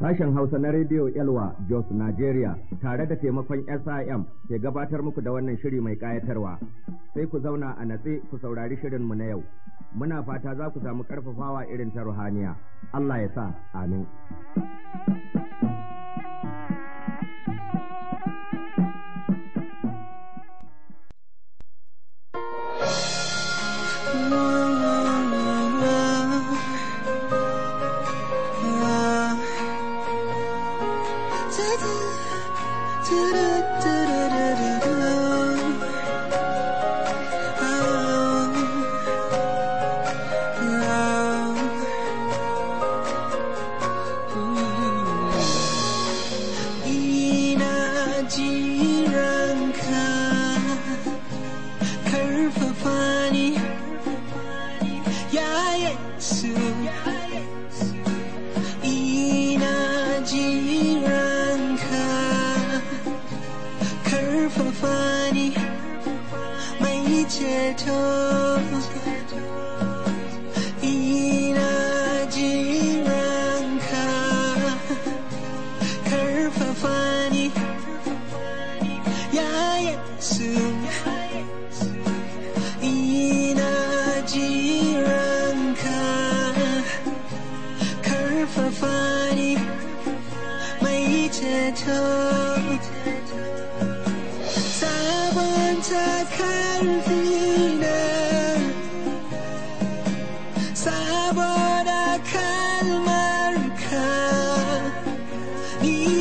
Sashen Hausa na Radio Elwa Jos Nigeria tare da taimakon SIM ke gabatar muku da wannan shiri mai kayatarwa. Sai ku zauna a natse ku saurari shirinmu na yau. Muna fata za ku samu karfafawa irin ta ruhaniya. Allah ya sa, amin.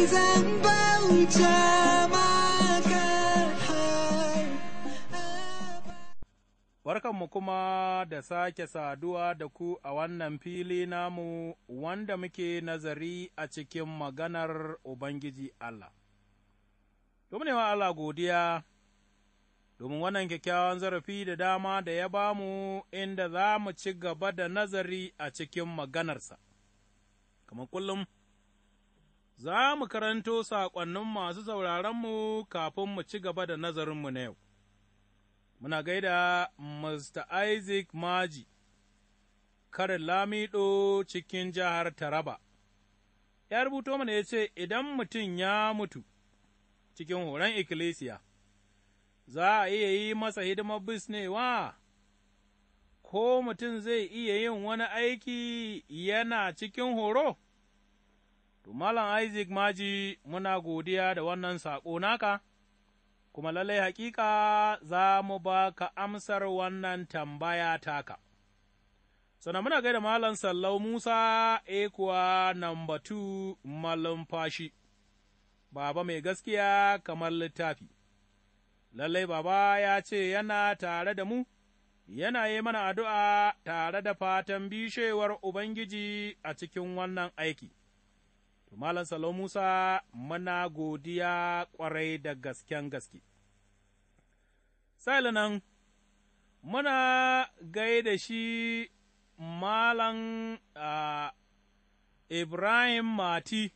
zan Barkanmu kuma da sake saduwa da ku a wannan fili namu wanda muke nazari a cikin maganar Ubangiji Allah. Domin wa Allah godiya, domin wannan kyakkyawan zarafi da dama da ya bamu inda za mu ci gaba da nazari a cikin maganarsa, kamar kullum. za mu karanto saƙonnin masu sauraronmu kafin mu ci gaba da nazarinmu na yau. Muna gaida Mr. Isaac Maji, karin Lamido cikin jihar Taraba, ya rubuto mana ya ce, Idan mutum ya mutu cikin horon ikkilisiya, za a iya yi masa hidimar bisnewa, ko mutum zai iya yin wani aiki yana cikin horo? To, Malam Isaac Maji muna godiya da wannan saƙo naka, kuma lallai hakika za mu ba ka amsar wannan tambaya taka. Sana muna gaida Malam Sallau Musa ekuwa eh namba tu fashi. Baba mai gaskiya kamar littafi, lallai Baba ya ce yana tare da mu. yana yi mana addu'a tare da fatan bishewar Ubangiji a cikin wannan aiki. Malam Salo Musa mana godiya ƙwarai da gasken gaske. Sa'ila nan, muna gaida shi Malam Ibrahim Mati,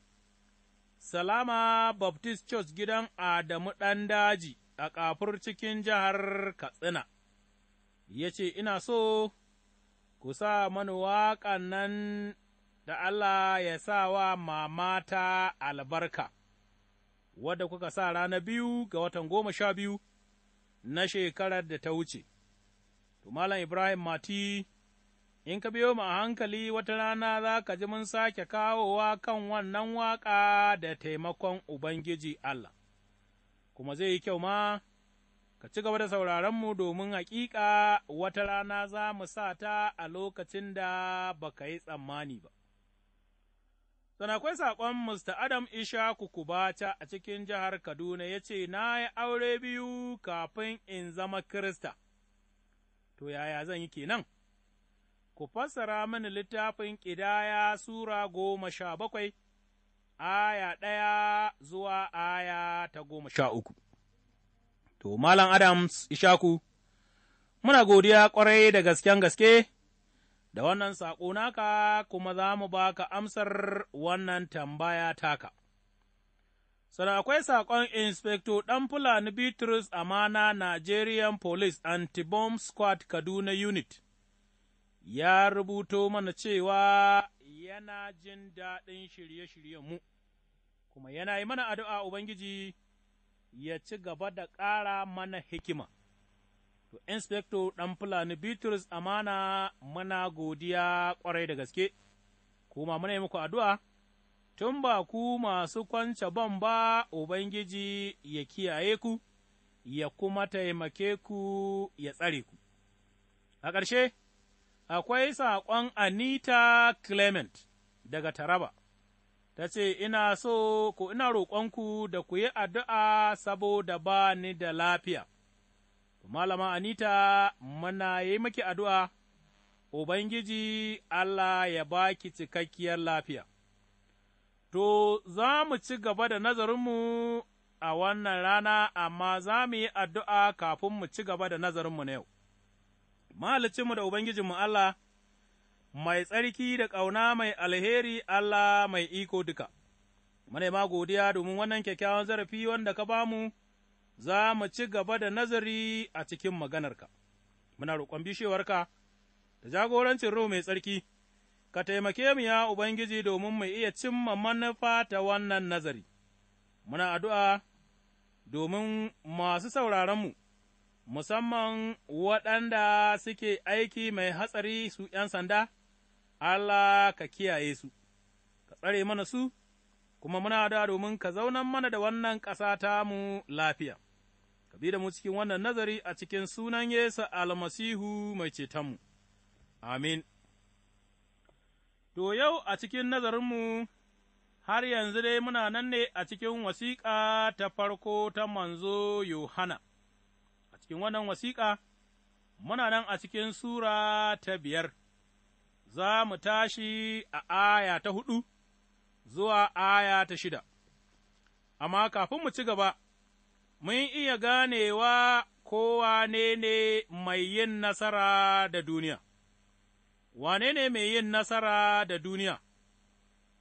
Salama Baptist Church gidan Adamu ɗan daji a kafur cikin jihar Katsina, ya ce, Ina so, ku sa mana waƙan nan da Allah ya sa wa mamata albarka, wadda kuka sa rana biyu ga watan goma sha biyu na shekarar da ta wuce. To, Ibrahim Mati, in ka biyo mu a hankali wata rana za ka ji mun sake kawowa kan wannan waƙa da taimakon Ubangiji Allah, kuma zai yi kyau ma. ka ci gaba da sauraronmu domin hakika wata rana za mu sa ta a lokacin da baka yi tsammani ba. Sana akwai saƙon Mr. Adam Ishaku Kubata a cikin jihar Kaduna ya ce, Na yi aure biyu kafin in zama Kirista, to yaya zan yi kenan? Ku fassara mini littafin ƙidaya Sura goma sha bakwai, aya ɗaya zuwa aya ta goma sha uku. To, Malam Adams Ishaku, muna godiya ƙwarai da gasken gaske. da wannan saƙo naka kuma za mu ba ka amsar wannan tambaya taka. Sana akwai saƙon Inspector ɗan Fulani Bitrus Amana Nigerian Police Anti-Bomb Squad Kaduna Unit ya rubuto mana cewa yana jin daɗin shirye-shiryen mu, kuma yana yi mana addu'a Ubangiji ya ci gaba da ƙara mana hikima. To Inspector ɗan Fulani Bitrus Amana muna godiya ƙwarai da gaske, kuma muna yi muku addu'a, tun ba ku masu kwance ban ba, Ubangiji ya kiyaye ku, ya kuma taimake ku, ya tsare ku. A ƙarshe, akwai saƙon Anita Clement daga Taraba, ta ce, Ina so, ku ina roƙonku da ku yi addu'a saboda ba ni da lafiya. Malama Anita, muna yi maki addu'a, Ubangiji Allah ya baki cikakkiyar lafiya. To, za mu ci gaba da nazarinmu a wannan rana, amma za mu yi addu'a kafin mu ci gaba da nazarinmu na yau. Mahalicinmu da Ubangijinmu Allah, mai tsarki da ƙauna mai alheri Allah mai iko duka, manema godiya domin wannan kyakkyawan zarafi wanda ka bamu za mu ci gaba da nazari a cikin maganarka, muna roƙon bishewarka da jagorancin Ruhu mai tsarki, ka taimake mu ya Ubangiji domin mu iya cimma manufa ta wannan nazari, muna addu'a domin masu sauraronmu, musamman waɗanda suke aiki mai hatsari su ’yan sanda, Allah ka kiyaye su, ka tsare mana su. kuma muna da domin ka zaunan mana da wannan ƙasa mu lafiya. ka bi da mu cikin wannan nazari a cikin sunan Yesu almasihu mai cetonmu. Amin. To, yau a cikin nazarinmu, har yanzu dai muna nan ne a cikin wasiƙa ta farko ta manzo Yohana, a cikin wannan wasiƙa, muna nan a cikin Sura ta biyar, za mu tashi a aya ta hudu zuwa aya ta shida, amma kafin mu ci gaba. mun iya ganewa kowa ne ne mai yin nasara da duniya, wane ne mai yin nasara da duniya,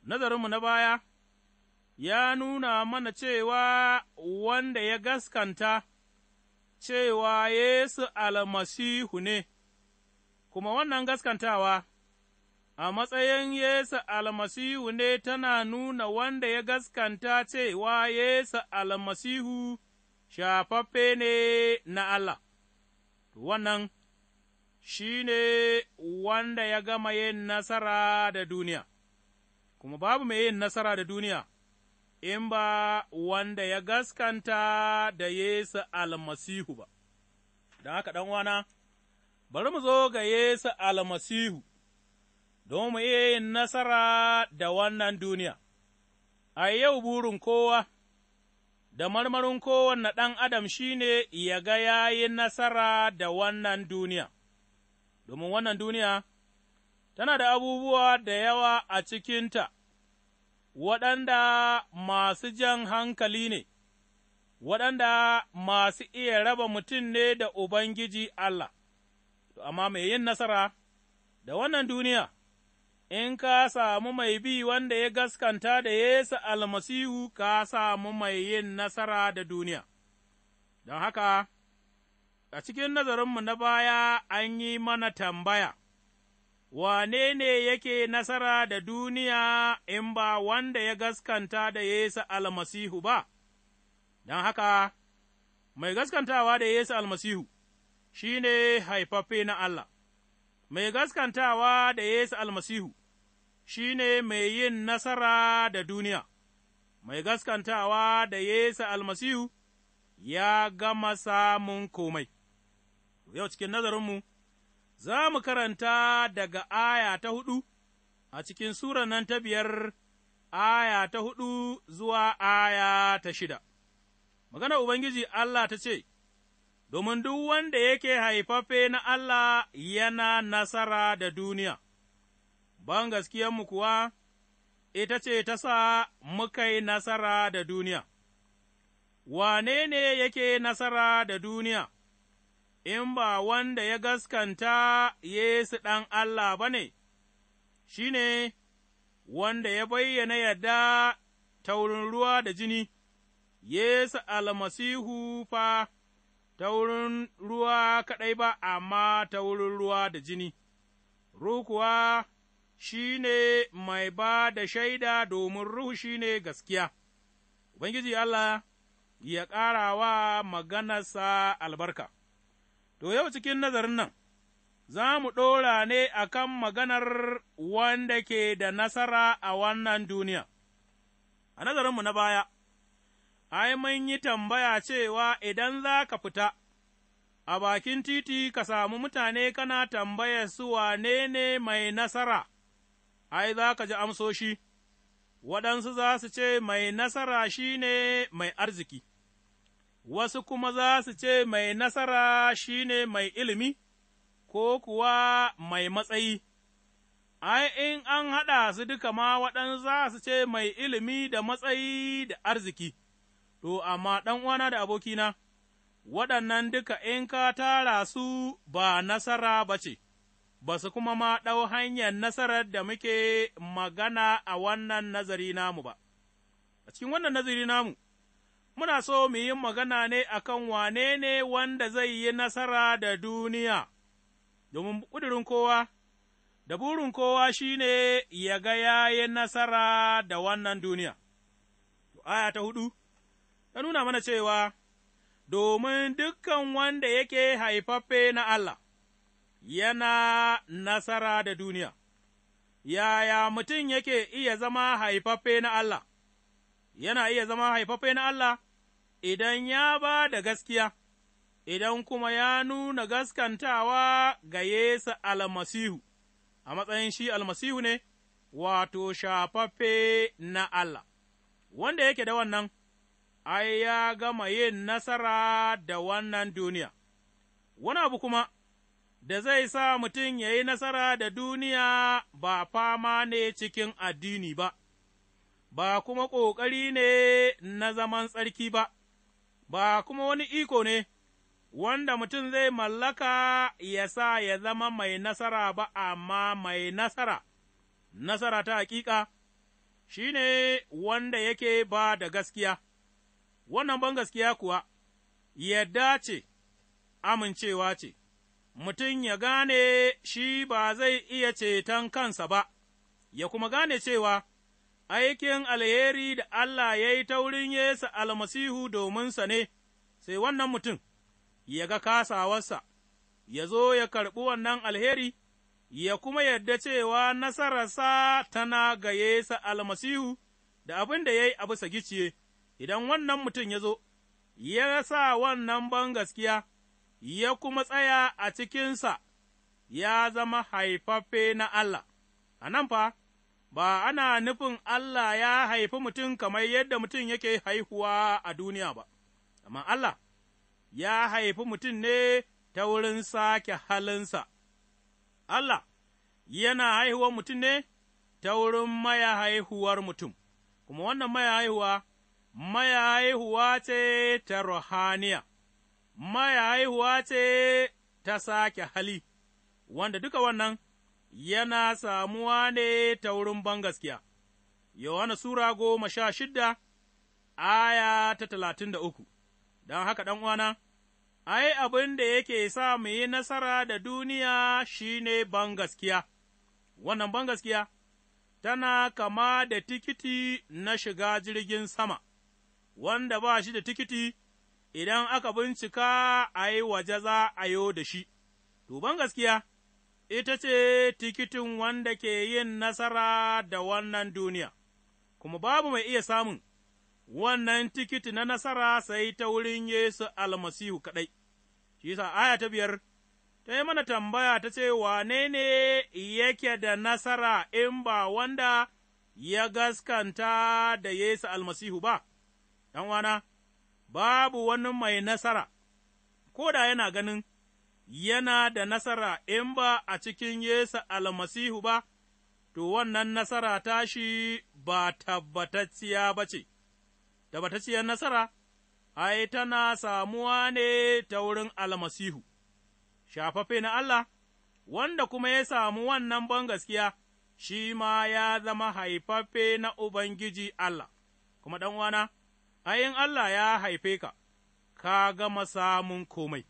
nazarinmu na baya ya nuna mana cewa wanda ya gaskanta cewa Yesu almasihu ne, kuma wannan gaskantawa a matsayin Yesu almasihu ne tana nuna wanda ya gaskanta cewa Yesu almasihu shafaffe ne na Allah, wannan shi ne wanda ya gama yin nasara da duniya, kuma babu mai yin nasara da duniya, in ba wanda ya gaskanta da Yesu almasihu ba, don haka ɗanwana, bari mu zo ga Yesu almasihu. Don mu iya yin nasara da wannan duniya, a yau burin kowa da marmarin kowane ɗan adam shi ne ya ga ya yi nasara da wannan duniya, domin wannan duniya tana da abubuwa da yawa a cikinta, waɗanda masu jan hankali ne, waɗanda masu iya raba mutum ne da Ubangiji Allah, amma mai yin nasara da wannan duniya. in ka samu mai bi wanda ya gaskanta da Yesu almasihu ka samu mai yin nasara da duniya, don haka, a cikin nazarinmu na baya an yi mana tambaya, Wane ne yake nasara da duniya in ba wanda ya gaskanta da Yesu almasihu ba, don haka, mai gaskantawa da Yesu almasihu shi ne haifaffe na Allah, mai gaskantawa da Yesu almasihu shi ne mai yin nasara da duniya, mai gaskantawa da Yesu almasihu ya gama samun komai. Yau cikin nazarinmu, za mu karanta daga aya ta hudu a cikin sura nan ta biyar, aya ta hudu zuwa aya ta shida. Magana Ubangiji Allah ta ce, Domin duk wanda yake haifaffe na Allah yana nasara da duniya. ban gaskiyanmu kuwa ita ce ta sa muka yi nasara da duniya. Wane ne yake nasara da duniya, in ba wanda ya gaskanta Yesu ɗan Allah ba ne, shi ne wanda ya bayyana yadda ta wurin ruwa da jini, Yesu almasihu fa ta wurin ruwa kaɗai ba, amma ta wurin ruwa da jini, rukuwa shi ne mai ba da shaida domin Ruhu shi ne gaskiya, Ubangiji Allah ya ƙara wa maganarsa albarka. To, yau cikin nazarin nan, za mu ɗora ne a kan maganar wanda ke da nasara a wannan duniya, a nazarinmu na baya, ai, mun yi tambaya cewa idan za ka fita. A bakin titi ka samu mutane kana tambaya su wane ne mai nasara ai, za ka ji amsoshi, waɗansu za su ce mai nasara shi ne mai arziki, wasu kuma za su ce mai nasara shi ne mai ilimi, ko kuwa mai matsayi. ai, in an haɗa su duka ma waɗansu za su ce mai ilimi da matsayi da arziki, to, amma ɗan'uwana da abokina, waɗannan duka in ka tara su ba nasara ba ce. ba su kuma ma ɗau hanyar nasarar da muke magana a wannan nazari namu ba. A cikin wannan nazari namu, muna so mu yi magana ne a kan wane ne wanda zai yi nasara da duniya, domin ƙudurin kowa, da burin kowa shi ne ya ga ya yi nasara da wannan duniya. Aya ta hudu, ta nuna mana cewa, domin dukkan wanda yake haifaffe na Allah. yana nasara da duniya, yaya mutum yake iya zama haifaffe na Allah, yana iya zama haifaffe na Allah idan ya ba da gaskiya, idan kuma ya nuna gaskantawa ga Yesu almasihu, a matsayin shi almasihu ne, wato shafaffe na Allah, wanda yake da wannan. ai, ya gama yin nasara da wannan duniya, wani abu kuma da zai sa mutum ya yi nasara da duniya ba fama ne cikin addini ba, ba kuma ƙoƙari ne na zaman tsarki ba, ba kuma wani iko ne. wanda mutum zai mallaka ya sa ya zama mai nasara ba, amma mai nasara, nasara ta hakika, shi ne wanda yake ba da gaskiya, wannan ban gaskiya kuwa, yadda ce, amincewa ce, mutum ya gane shi ba zai iya ceton kansa ba, ya kuma gane cewa aikin alheri da Allah ya yi ta wurin Yesu almasihu dominsa ne, sai wannan mutum ya ga kasawarsa, ya zo ya karɓi wannan alheri, ya kuma yarda cewa nasararsa tana ga Yesu almasihu da abin da ya yi a bisa giciye, idan wannan mutum ya zo, ya sa wannan ban gaskiya. ya kuma tsaya a cikinsa, ya zama haifaffe na Allah, a nan fa, ba ana nufin Allah ya haifi mutum kamar yadda mutum yake haihuwa a duniya ba, amma Allah ya haifi mutum ne ta wurin sake halinsa, Allah yana haihuwar mutum ne ta wurin maya haihuwar mutum, kuma wannan maya haihuwa, maya haihuwa ce ta ruhaniya. maya haihuwa ce ta sake hali, wanda duka wannan yana samuwa ne ta wurin bangaskiya. Yohana Sura goma sha shida aya ta talatin da uku, don haka ɗan'uwana, ai, abin da yake sa mu yi nasara da duniya shi ne bangaskiya, wannan bangaskiya tana kama da tikiti na shiga jirgin sama, wanda ba shi da tikiti idan aka bincika a yi waje za a yo da shi, duban gaskiya, ita ce tikitin wanda ke yin nasara da wannan duniya, kuma babu mai iya samun wannan tikiti na nasara sai ta wurin Yesu almasihu kaɗai, shi sa aya ta biyar. ta yi mana tambaya ta ce, Wane ne yake da nasara in ba wanda ya gaskanta da Yesu almasihu ba, ’yan wana, babu wani mai nasara, ko da yana ganin yana da nasara in ba a cikin Yesu almasihu ba, to wannan nasara tashi ba tabbatacciya ba ce, tabbatacciyar nasara, ai, tana samuwa ne ta wurin almasihu, Shafafe na Allah, wanda kuma ya samu wannan ban gaskiya, shi ma ya zama haifaffe na Ubangiji Allah, kuma ɗan'uwana. a in Allah ya haife ka, ka gama samun komai,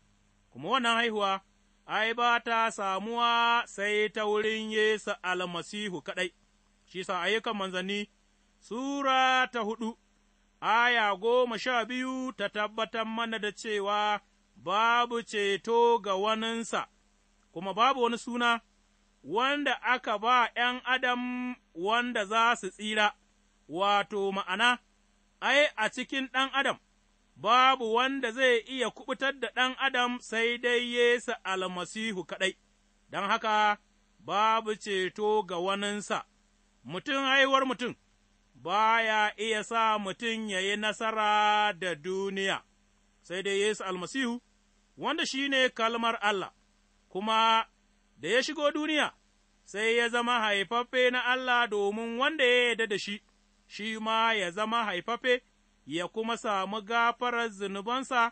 kuma wannan haihuwa, ai, ba ta samuwa sai ta wurin Yesu almasihu kaɗai, shi sa ayyukan manzanni, Sura ta hudu, aya goma sha biyu ta tabbatar mana da cewa babu ceto ga waninsa, kuma babu wani suna. wanda aka ba ’yan adam wanda za su tsira, wato ma'ana, ai, a cikin ɗan Adam, babu wanda zai iya kuɓutar da ɗan Adam sai dai Yesu almasihu kaɗai, don haka babu ceto ga waninsa, mutum haihuwar mutum, ba ya iya sa mutum ya yi nasara da duniya, sai dai Yesu almasihu, wanda shi ne kalmar Allah, kuma da ya shigo duniya, sai ya zama haifaffe na Allah domin wanda ya yarda da shi. shi ma ya zama haifafe, ya kuma samu gafarar zunubansa,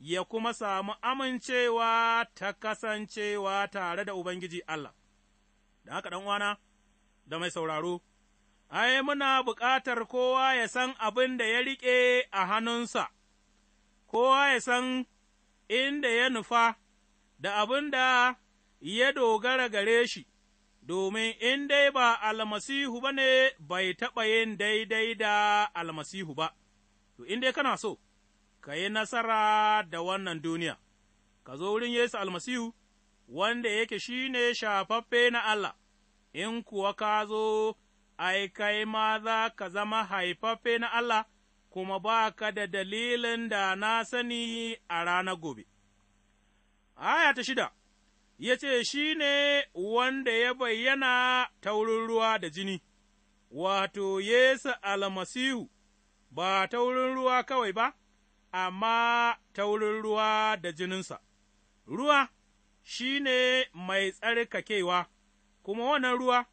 ya kuma samu amincewa ta kasancewa tare da Ubangiji Allah. Da haka ɗan'uwana, da mai sauraro, ai, muna buƙatar kowa ya san abin da ya riƙe a hannunsa, kowa ya san inda ya nufa da abin da ya dogara gare shi, domin in dai ba almasihu ba ne bai taɓa yin daidai da almasihu ba, to in dai kana so, ka yi nasara da wannan duniya, ka zo wurin Yesu almasihu, wanda yake shi ne shafaffe na Allah, in kuwa ka zo, ai, kai ma za ka zama haifaffe na Allah, kuma ba ka da dalilin da na sani a ranar gobe. Aya ta shida. ya ce, Shi ne wanda ya bayyana ta wurin ruwa da jini, wato, Yesu almasihu, ba ta wurin ruwa kawai ba, amma ta wurin ruwa da jininsa, ruwa shi ne mai tsarkakewa, kuma wannan ruwa,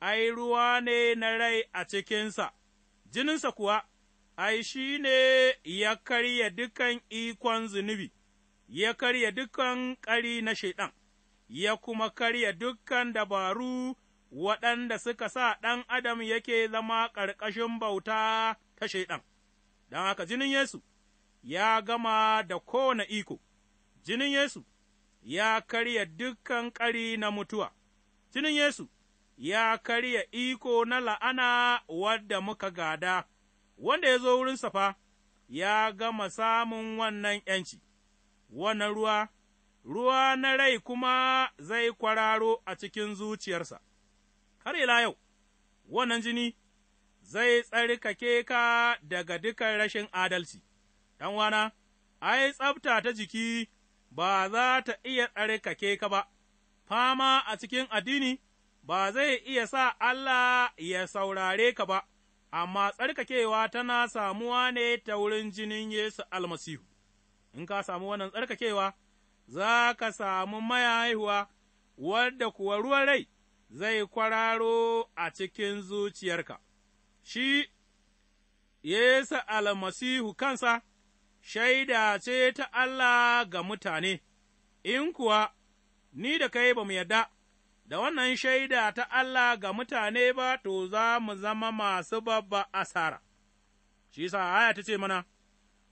ai, ruwa ne na rai a cikinsa, jininsa kuwa, ai, shi ne ya karya dukan ikon zunubi, ya karya dukan ƙari na Shaiɗan. ya kuma karya dukkan dabaru waɗanda suka sa ɗan adam yake zama ƙarƙashin bauta ta Shaiɗan, don haka jinin Yesu ya gama da kowane iko, jinin Yesu ya karya dukkan ƙari na mutuwa, jinin Yesu ya karya iko na la'ana wadda muka gada, wanda ya zo wurinsa fa, ya gama samun wannan ’yanci, wannan ruwa. ruwa na rai kuma zai kwararo a cikin zuciyarsa, har ila yau, wannan jini zai tsarkake ka daga dukan rashin adalci, wana, ai, tsabta ta jiki ba za ta iya tsarkake ka ba, fama a cikin addini ba zai iya sa Allah ya saurare ka ba. amma tsarkakewa tana samuwa ne ta wurin jinin Yesu almasihu, in ka samu wannan tsarkakewa, za ka samu mahaihuwa, wadda kuwa ruwan rai zai kwararo a cikin zuciyarka, shi, Yesu almasihu kansa, shaida ce ta Allah ga mutane, in kuwa ni da kai ba mu yarda da wannan shaida ta Allah ga mutane ba, to za mu zama masu babba asara. Shi sa ta ce mana,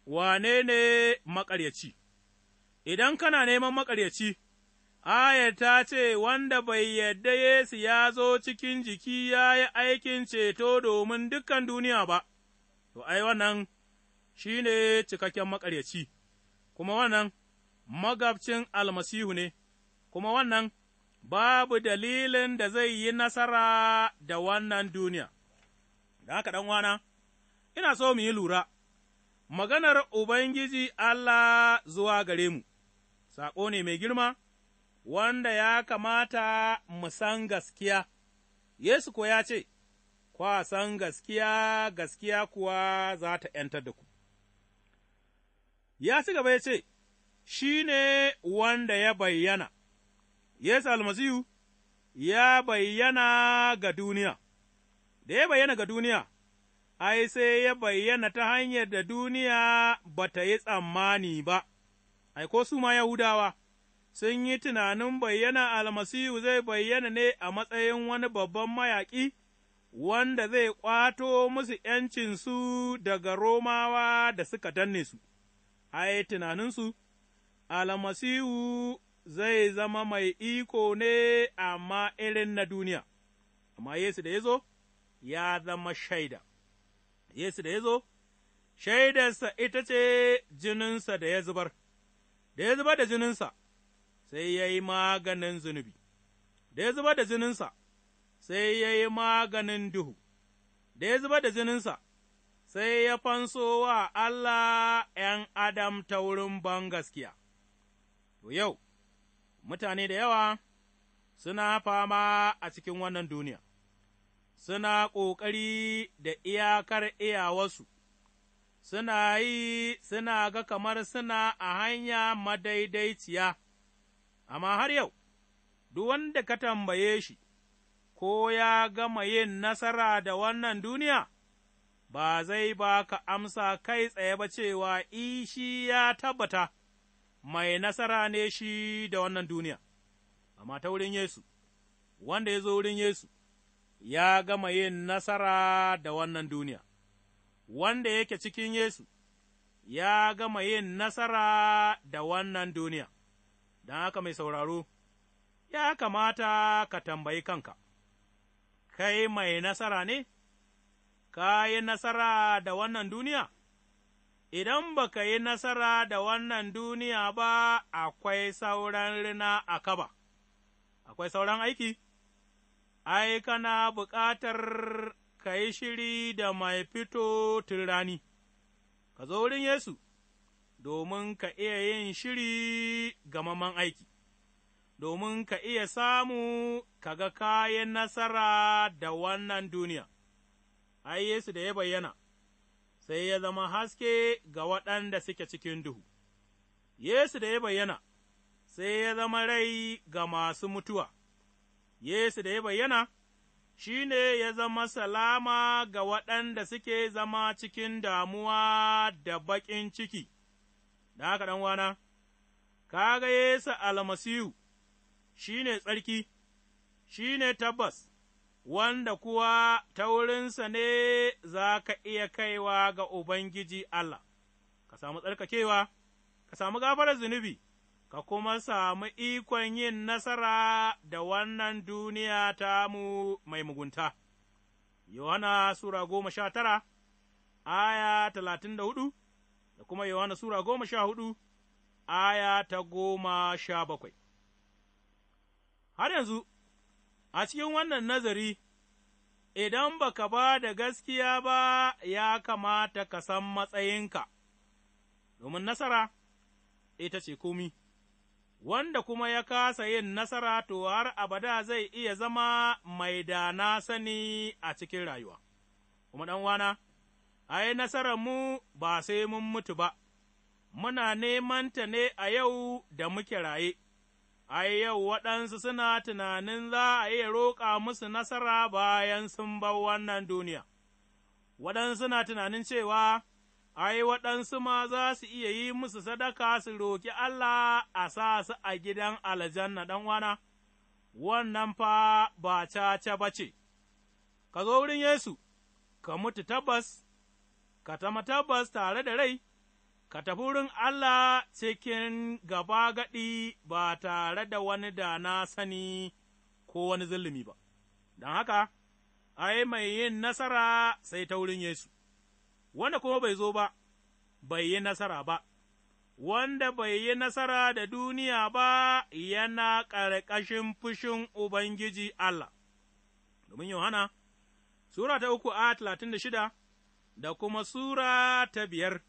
Wane ne maƙaryaci? idan kana neman maƙaryaci, ayar ta ce, Wanda bai yadda Yesu ya zo cikin jiki ya yi aikin ceto domin dukan duniya ba, to, ai, wannan shi ne cikakken maƙaryaci, kuma wannan magabcin almasihu ne, kuma wannan babu dalilin da zai yi nasara da wannan duniya. Da haka wana, ina so mu yi lura, maganar Ubangiji Allah zuwa gare mu. saƙo ne mai girma, wanda ya kamata mu san gaskiya, Yesu ko ya ce, Kwa san gaskiya, gaskiya kuwa za ta ’yantar da ku. Ya ci gaba ya ce, Shi ne wanda ya bayyana, Yesu almasihu ya bayyana ga duniya, da ya bayyana ga duniya, ai, sai ya bayyana ta hanyar da duniya ba ta yi tsammani ba. ai, su ma Yahudawa, sun yi tunanin bayyana almasihu zai bayyana ne a matsayin wani babban mayaƙi, wanda zai ƙwato musu ’yancinsu daga Romawa da suka danne su, ai, tunaninsu, almasihu zai zama mai iko ne amma irin na duniya, amma Yesu da ya zo, ya zama shaida, Yesu da ya zo, shaidarsa ita ce jininsa da ya zubar. da ya zuba da jininsa, sai ya yi maganin zunubi, da ya zuba da jininsa, sai ya yi maganin duhu, da ya zuba da jininsa, sai ya fanso wa Allah ’yan Adam ta wurin gaskiya. To yau, mutane da yawa suna fama a cikin wannan duniya, suna ƙoƙari da iyakar iyawarsu. suna yi suna ga kamar suna a hanya madaidaiciya, amma har yau, duk wanda ka tambaye shi, ko ya gama yin nasara da wannan duniya, ba zai ba ka amsa kai tsaye ba cewa ishi ya tabbata, mai nasara ne shi da wannan duniya, amma ta wurin Yesu, wanda ya zo wurin Yesu, ya gama yin nasara da wannan duniya. wanda yake cikin Yesu, ya gama yin nasara da wannan duniya, don haka mai sauraro, ya kamata ka tambayi kanka, kai mai nasara ne, ka yi nasara da wannan duniya? Idan ba ka yi nasara da wannan duniya ba, akwai sauran rina a kaba, akwai sauran aiki, ai, kana bukatar ka yi shiri da mai fito tun rani, ka zo wurin Yesu, domin ka iya yin shiri ga maman aiki, domin ka iya samu ka ga kayan nasara da wannan duniya, ai, Yesu da ya bayyana, sai ya zama haske ga waɗanda suke cikin duhu, Yesu da ya bayyana, sai ya zama rai ga masu mutuwa, Yesu da ya bayyana, shi ne ya zama salama ga waɗanda suke zama cikin damuwa da baƙin ciki, da haka ɗanwana, ga Yesu almasihu shi ne tsarki, shi ne tabbas, wanda kuwa ta wurinsa ne za ka iya kaiwa ga Ubangiji Allah, ka samu tsarkakewa, ka samu gafarar zunubi. ka kuma samu ikon yin nasara da wannan duniya tamu mai mugunta. Yohana Sura goma sha tara, aya talatin da hudu, da kuma Yohana Sura goma sha hudu, aya ta goma sha bakwai. Har yanzu, a cikin wannan nazari, idan ba ka ba da gaskiya ba, ya kamata ka san matsayinka, domin nasara ita ce komi. wanda kuma ya kasa yin nasara to har abada zai iya zama mai da na sani a cikin rayuwa. Kuma ɗanwana, ai, nasararmu ba sai mun mutu ba, muna neman ta ne a yau da muke raye, ai, yau waɗansu suna tunanin za a iya roƙa musu nasara bayan sun bar wannan duniya, waɗansu suna tunanin cewa, ai, waɗansu ma za su iya yi musu sadaka su roki Allah a sa su a gidan aljanna ɗan wana, wannan fa ba caca ba ce, ka zo wurin Yesu, ka mutu tabbas, ka tama tabbas tare da rai, ka tafi wurin Allah cikin gaba gaɗi ba tare da wani da na sani ko wani zulumi ba, don haka, ai, mai yin nasara sai ta wurin Yesu. wanda kuma bai zo ba, bai yi nasara ba, wanda bai yi nasara da duniya ba yana ƙarƙashin fushin Ubangiji Allah. Domin Yohana, Sura ta uku a talatin da shida da kuma Sura ta biyar,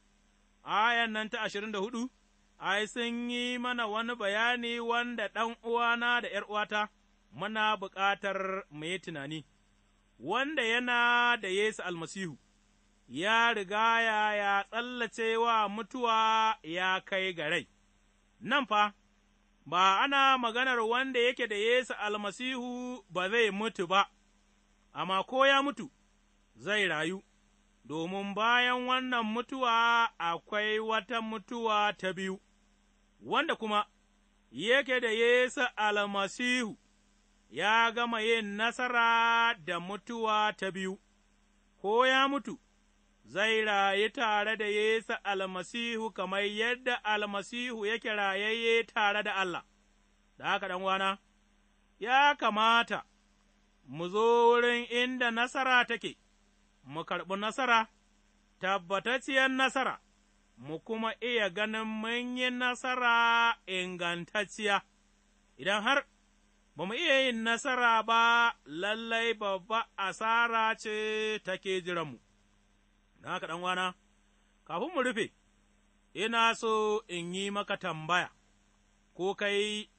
ayan nan ta ashirin da hudu, ai, sun yi mana wani bayani wanda ɗan uwana da ’yar uwata muna buƙatar mu tunani, wanda yana da Yesu almasihu. ya rigaya ya tsallace wa mutuwa ya kai ga rai, nan fa, ba ana maganar wanda yake da Yesu almasihu ba zai mutu ba, amma ko ya mutu, zai rayu, domin bayan wannan mutuwa akwai wata mutuwa ta biyu, wanda kuma yake da Yesu almasihu ya gama yin nasara da mutuwa ta biyu, ko ya mutu. zai rayu tare da Yesu almasihu kamar yadda almasihu yake rayayye tare da Allah, da haka ɗanwana, ya kamata mu zo wurin inda nasara take, mu karɓi nasara, tabbatacciyar nasara, mu kuma iya ganin mun yi nasara ingantacciya, idan har ba mu iya yin nasara ba, lallai babba asara ce take jiranmu. don haka ɗanwana, kafin mu rufe, ina so in yi maka tambaya, ko kai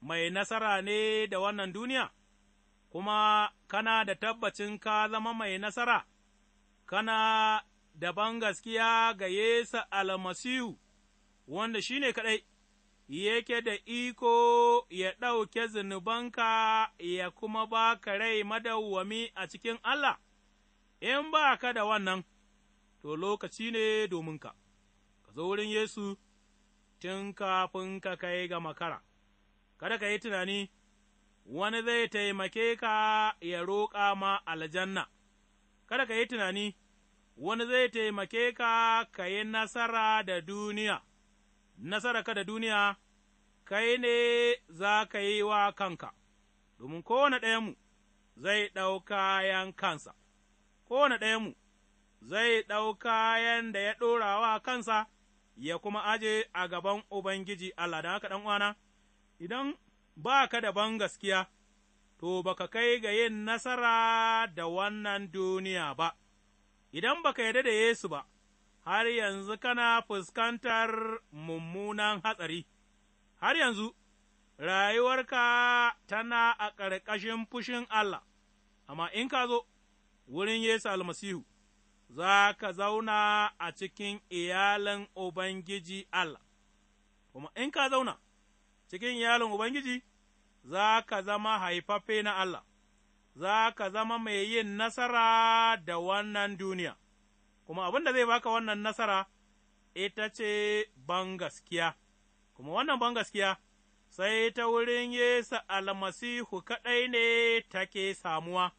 mai nasara ne da wannan duniya, kuma kana da tabbacin ka zama mai nasara, kana da gaskiya ga Yesu almasihu, wanda shi ne kaɗai. yake da iko ya ɗauke zunubanka ya kuma ba ka rai madawwami a cikin Allah, in ba ka da wannan, to lokaci ne domin ka zo wurin Yesu tun kafin ka kai ga makara, kada ka yi tunani, wani zai taimake ka ya roƙa ma aljanna, kada ka yi tunani, wani zai taimake ka ka yi nasara da duniya, nasara ka da duniya, kai ne za ka yi wa kanka, domin kowane ɗayanmu zai ɗau kayan kansa. kowane mu zai ɗau kayan da ya ɗora wa kansa, ya kuma aje a gaban Ubangiji Allah, da haka uwana, idan ba ka da ban gaskiya, to ba ka kai ga yin nasara da wannan duniya ba, idan ba ka yarda da Yesu ba, har yanzu kana fuskantar mummunan hatsari, har yanzu rayuwarka tana a ƙarƙashin fushin Allah, amma in ka zo, wurin Yesu almasihu, za ka zauna a cikin iyalin Ubangiji Allah, kuma in ka zauna cikin iyalin Ubangiji, za ka zama haifaffe na Allah, za ka zama mai yin nasara da wannan duniya, kuma abin da zai baka wannan nasara ita ce bangaskiya, kuma wannan bangaskiya sai ta wurin Yesu almasihu kaɗai ne take samuwa,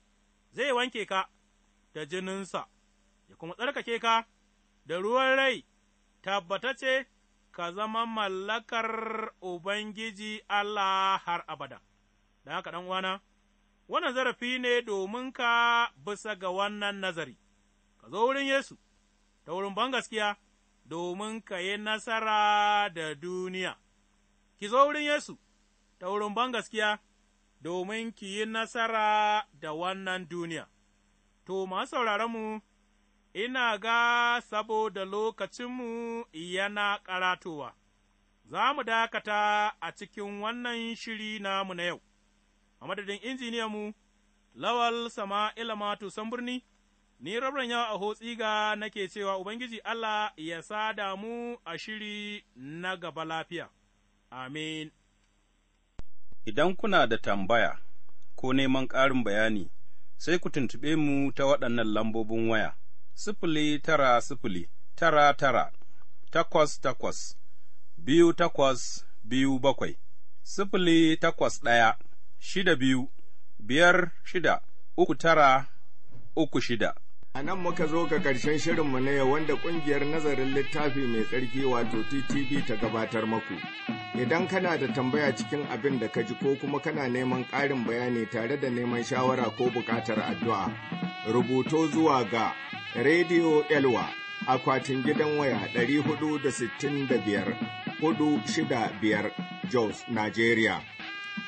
zai wanke ka. da jininsa, ya kuma tsarkake ka da ruwan rai, tabbatace ka zama mallakar Ubangiji Allah har abada. Da haka ɗan uwana, wannan zarafi ne domin ka bisa ga wannan nazari, ka zo wurin Yesu, ta wurin bangaskiya, domin ka yi nasara da duniya. Ki zo wurin Yesu, ta wurin bangaskiya, domin ki yi nasara da wannan duniya. To, masu mu, ina ga saboda lokacinmu yana ƙaratowa, za mu dakata a cikin wannan shiri namu na yau, a madadin injiniyanmu, Lawal Sama'ila Matu birni ni rabin yawa a hotsiga nake cewa Ubangiji Allah ya sada mu a shiri na gaba lafiya. Amin. Idan kuna da tambaya ko neman ƙarin bayani, sai ku tuntuɓe mu ta waɗannan lambobin waya, sifili tara sifili, tara tara, takwas takwas, biyu takwas biyu bakwai, sifili takwas ɗaya, shida biyu, biyar shida, uku tara, uku shida. A nan muka zo ga ƙarshen shirinmu na yau wanda ƙungiyar nazarin littafi mai tsarki wato TTV ta gabatar maku. Idan kana da tambaya cikin abin da ka ji ko kuma kana neman ƙarin bayani tare da neman shawara ko buƙatar addu'a, rubuto zuwa ga Radio Elwa akwatin gidan waya 465 biyar Jos, Nigeria.